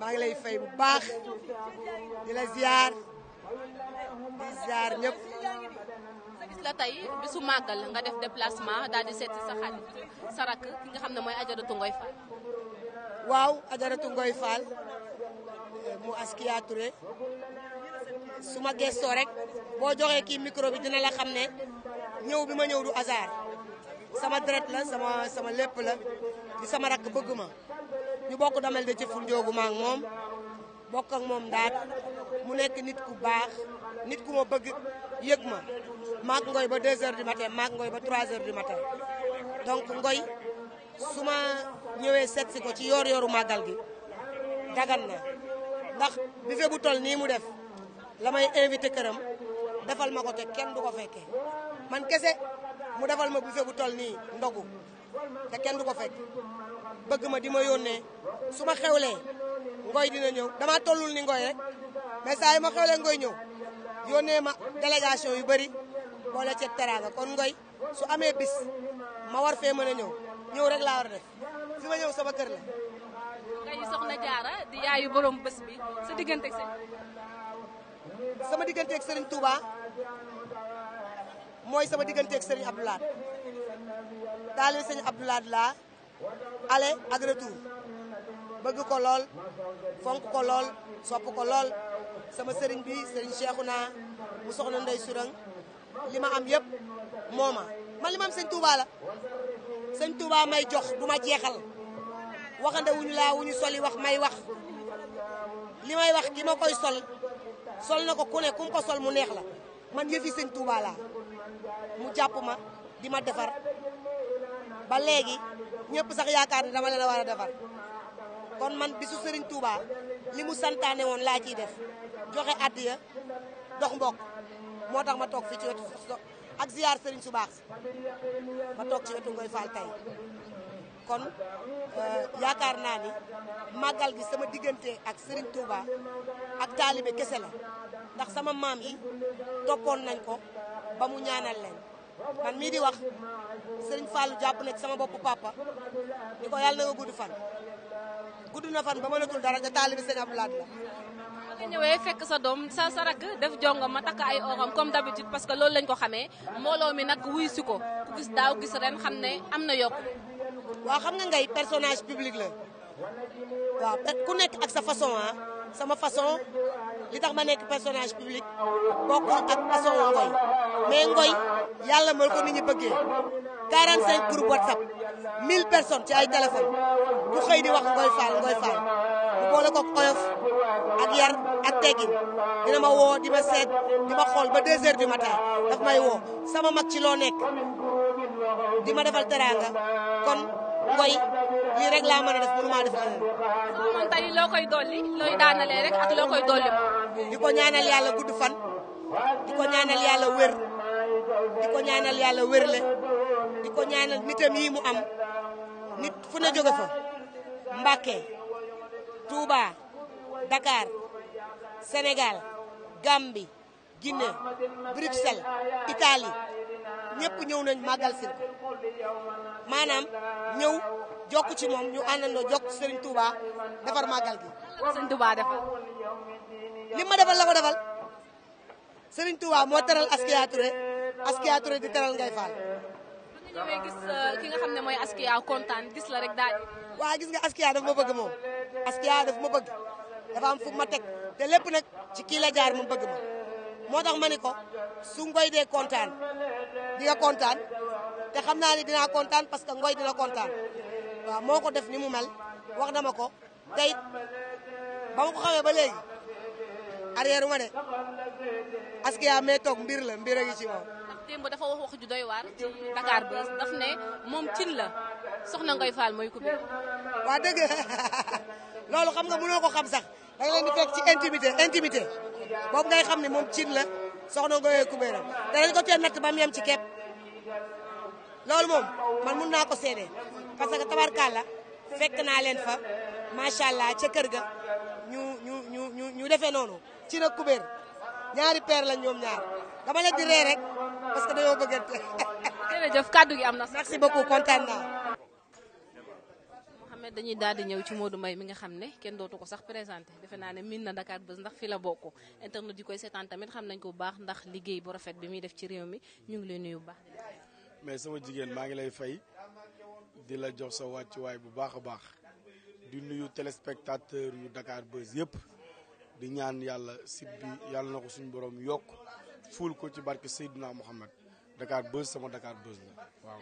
maa ngi lay fay bu baax di la ziar di ziar ñëpp. sa gis la tey bisu nga def déplacement daal di seeti sa xarit sa rakk ki nga xam ne mooy Ajaratu Ngoy Fall. waaw Ajaratu mu Askia Touré su ma gëstoo rek boo joxee kii micro bi dina la xam ne ñëw bi ma ñëw du hasard sama deret la sama lépp la di sama rakk bëgg ma. ñu bokk damel de ci ful njoogu ma ak moom bokk ak moom daat mu nekk nit ku baax nit ku ma bëgg yëg ma maak ngoy ba 2 heures du matin maak ngoy ba 3 heures du matin ngoy su ma ñëwee seet si ko ci yoor yooru màggal gi dagan na ndax bu tol nii mu def lamay may invité këram defal ma ko te kenn du ko fekkee man kese mu defal ma bu fe bu tol nii ndogu te du ko fekk bëgg ma di ma yónnee su ma xewlee ngoy dina ñëw dama tollul ni ngoy rek mais ma xewlee ngoy ñëw yónnee ma délégation yu bëri boole ceeb teraanga kon ngoy su amee bis ma war fee mën a ñëw ñëw rek laa war a def ma ñëw sama kër la. ngay soxna jaara di yaayu borom bés bi sa digganteeg sama digganteeg Serigne Touba mooy sama digganteeg Serigne Abdoulade daal di Serigne Abdoulade aller ak retour bëgg ko lool fonk ko lool sopp ko lool sama sëriñ bi sëriñ Cheikhouna mu soxna Ndey Sourang li ma am yëpp mooma man li ma am sëñ Touba la sëñ Touba may jox du ma jeexal waxande wuñu laa wuñu soli wax may li may wax ki ma koy sol sol na ko ku ne ku ko sol mu neex la man yëfi sëñ Touba mu jàpp ma di ma defar ba léegi ñëpp sax yaakaar ne dama leen a war a defar kon man bisu Serigne Touba li mu santaane woon laa ciy def joxe addiya dox mbokk moo tax ma toog fi ci wetu ak ziar Serigne su baax ma toog ci wetu Ngoye Fall tey kon euh, yaakaar naa ni màggal gi sama diggante ak Serigne Touba ak taalibe kese la ndax sama maam yi toppoon nañ ko ba mu ñaanal leen man mii di wax sëriñ Fallou jàpp na sama bopp papa ni ko yàlla na nga gudd fan gudd na fan ba mënatul dara nga a sëñ Abdou Lahad la nga ñëwee fekk sa doom sa sa rakk def jongo ma takk ay oram comme d'habitude parce que loolu lañ ko xamee mbooloo mi nag wuy si ko ku gis daaw gis ren xam ne am na yokk waaw xam nga ngay personnage public la waaw ku nekk ak sa façon ah sama façon li tax ma nekk personnage public bokkul ak façon Ngoy mais Ngoy yàlla mal ko nit ñi bëggee 45 groupe WhatsApp 1000 personnes ci ay téléphone ku xëy di wax Ngoy Fall Ngoy Fall bu boole ko oyof ak yar ak teggin dina ma woo di ma seet di ma xool ba 2 heures du matin daf may woo sama mag ci loo nekk di ma defal teraanga kon Ngoy lii laa mën a def mënuma def leneen. soo mën tey loo koy dolli looy daanalee rek ak loo koy dolli di ko ñaanal yàlla gudd fan di ko ñaanal yàlla wér di ko ñaanal yàlla wérle di ko ñaanal nitam yi mu am nit fu na jóge fa Mbàkke Touba Dakar Sénégal Gambie Guinée Bruxelles Italie ñëpp ñëw nañ màggal si maanaam ñëw jokk ci moom ñu àndandoo jokk Serigne Touba defar màggal gi. Serigne Touba defal. li ma defal la ko defal Serigne Touba moo teral Askia Touré Askia di teral Ngay Fall. gis euh, ki nga xam ne mooy Askia kontaan gis la rek daal. waaw gis nga Askia daf ma bëgg moom Askia daf ma bëgg dafa ma teg te lépp nag ci kii la jaar bëgg moo tax ma ni ko su ngoy dee kontaan di nga kontaan te xam naa ni dinaa kontaan parce que ngoy dina kontaan. waaw moo ko def ni mu mel wax na ma ko te it ba ma ko xamee ba léegi arrière ma de askiya mee toog mbir la mbir a ngi moom. dafa wax wax ju doy waar ci Dakar Buzz daf ne moom cin la soxna Ngoy Fall mooy ko waa dëgg loolu xam nga mënoo ko xam sax da nga leen di fekk ci intimité intimité boobu ngay xam ne moom cin la soxna Ngoye Kubéeram te dañ ko teel natt ba mu ci képp loolu moom man mun naa ko seede parce que la fekk naa leen fa macha allah ca kër ga ñu ñu ñu ñu ñu defee noonu ci na kubéer ñaari peer la ñoom ñaar dama leen di ree rek parce que dañoo bëggante. jërëjëf kàddu gi am na. merci beaucoup kontaan naa. Mouhamed dañuy daal di ñëw ci Modou Mbaye mi nga xam ne kenn dootu ko sax présenté defe naa ne miin na Dakar Buzz ndax fi la bokk internet yi koy seetaan tamit xam nañ ko bu baax ndax liggéey bu rafet bi muy def ci réew mi ñu ngi lay nuyu bu baax. mais jigéen maa ngi lay fay. di la jox sa wàccuwaay bu baax a baax di nuyu téléspectateur yu Dakar Buzz yëpp di ñaan yàlla site bi yàlla na ko suñu borom yokk fuul ko ci barke naa Mohamed Dakar Buzz sama Dakar Buzz la waaw.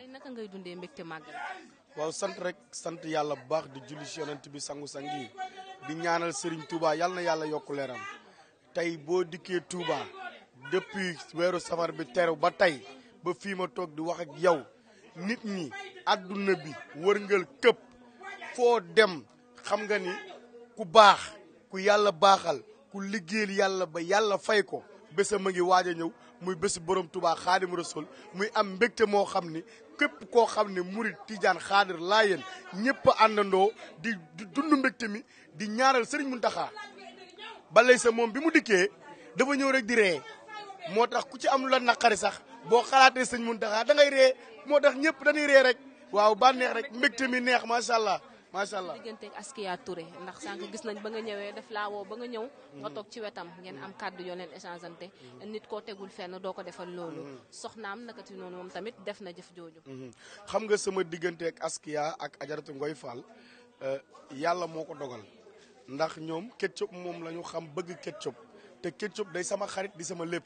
tey sant rek sant yàlla bu baax di julli ci yonent bi sangu-sang yi di ñaanal Serigne Touba yàlla na yàlla yokk leeram tey boo dikkee Touba depuis weeru safar bi teru ba tey ba fii ma toog di wax ak yow. nit ñi adduna bi wërngal këpp foo dem xam nga ni ku baax ku yàlla baaxal ku liggéeyal yàlla ba yàlla fay ko bésam a ngi waaj a ñëw muy bés borom tubaa xaadim rasul muy am mbégte moo xam ni képp koo xam ne murit tijaan xaadir laayeen ñëpp a àndandoo di dund mbekte mi di ñaaral sëriñ Muntaxa balay sa moom bi mu dikkee dafa ñëw rek di ree moo tax ku ci am lu la naqari sax boo xalaatee sëñ Muntaxa da ngay ree moo tax ñëpp dañuy ree rek waaw bànneex rek mbégte mi neex macha allah. macha allah diggante Askia Touré ndax sànq gis nañ ba nga ñëwee def laa woo ba nga ñëw nga toog ci wetam ngeen am kàddu yoo leen nit koo tegul fenn doo ko defal loolu mm-hmm. soxnaam naka ci noonu moom tamit def na jëf jooju mm-hmm. xam nga sama diggante ak Askia ak Ajaratu Ngoy Fall euh, yàlla moo ko dogal ndax ñoom Ketchup moom la ñu xam bëgg Ketchup te Ketchup day sama xarit di sama lépp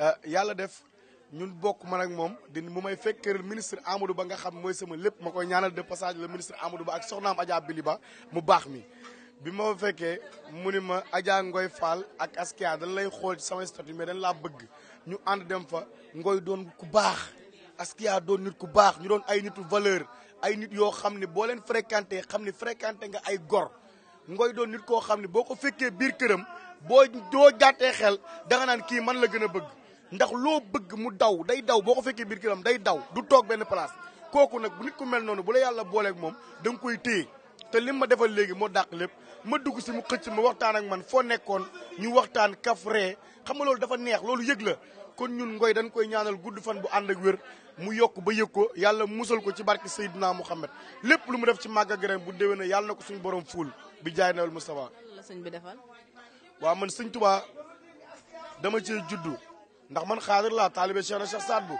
euh, yàlla def ñun bokk ma ak moom di mu may fekk kër ministre Amadou Ba nga xam mooy sama lépp ma koy ñaanal de passage le ministre Amadou Ba ak soxnaam Adja Bili Ba mu baax mi. bi ma fekkee mu ni ma Adja Ngoy Fall ak Askia dañ lay xool ci samay statut mais dañ laa bëgg ñu ànd dem fa Ngoy doon ku baax Askia doon nit ku baax ñu doon ay nitu valeur ay nit yoo xam ne boo leen fréquenté xam ne fréquenté nga ay gor. Ngoy doon nit koo xam ne boo ko fekkee biir këram boo doo gàttee xel danga kii man la gën a bëgg. ndax loo bëgg mu daw day daw boo ko fekkee biir këram day daw du toog benn place kooku nag bu nit ku mel noonu bu la yàlla booleeg moom danga koy téye te lim ma defal léegi moo dàq lépp ma dugg si mu xëcc ma waxtaan ak man foo nekkoon ñu waxtaan kaf ree xam nga loolu dafa neex loolu yëg la kon ñun ngoy dañ koy ñaanal gudd fan bu ànd ak wér mu yokk ba yëg ko yàlla musal ko ci barke Seydina Muhammad lépp lu mu def ci màgga gërëm bu déwénee yàlla na ko suñu borom fuul bi jaay nawel Moustapha. lan la sëñ bi defal. waaw man sëñ dama cee juddu. ndax man xaadir laa taalibe Cheikh na Cheikh Saad bu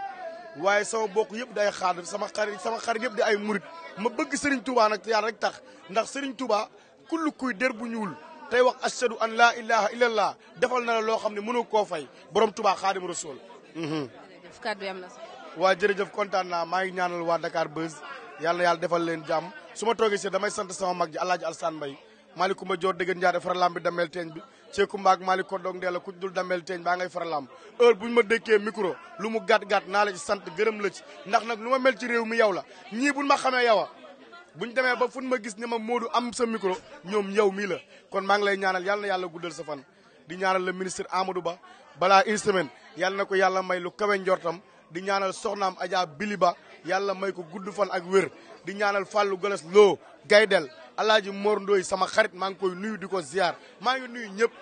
waaye sama bokk yëpp day xaadir sama xarit sama xarit yëpp de ay murit ma bëgg Serigne Touba nag yàlla rek tax ndax Serigne Touba kullu kuy der bu ñuul tey wax ashadu an laa ilaha illallah defal na la loo xam ne mënoo koo fay borom Touba xaadim rasul mhm. jërëjëf kàddu am na sax. waa jërëjëf kontaan naa maa ngi ñaanal waa Dakar Buzz yàlla yàlla defal leen jàmm su ma toogee si damay sant sama mag ji El Hadj Alassane Mbaye Malicoumba Dior dëgg njaare faralam bi damel teeñ bi Ceeku Mbaag Malick Kodong Ndella ku dul Damel Teeñ baa ngay faral am heure bu ñu ma dékkee micro lu mu gàtt-gàtt naa la ci sant gërëm la ci ndax nag lu ma mel ci réew mi yow la ñii buñ ma xamee yow a buñ demee ba fun ma gis ni ma Modou am sa micro ñoom yow mii kon maa ngi lay ñaanal yàlla na yàlla guddal sa fan di ñaanal le ministre Amadou Ba balaa une semaine yàlla na ko yàlla may lu kawe njortam di ñaanal soxnaam Adja biliba Ba yàlla may ko gudd fan ak wér di ñaanal Fallou Galas Lo Gaydel alaaji Mor Ndoye sama xarit maa ngi koy nuyu di ko ziar maa ngi nuyu ñëpp